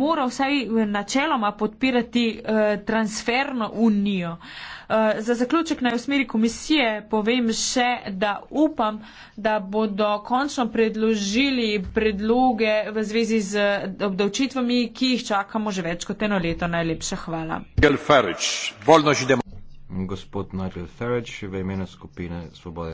mora vsaj načeloma podpirati eh, transferno unijo. Eh, za zaključek naj v smeri komisije povem še, da upam, da bodo končno predložili predloge v zvezi z obdavčitvami, ki jih čakamo že več kot eno leto. Najlepša hvala. Gospod Nigel Farage, v imenu skupine Svobode.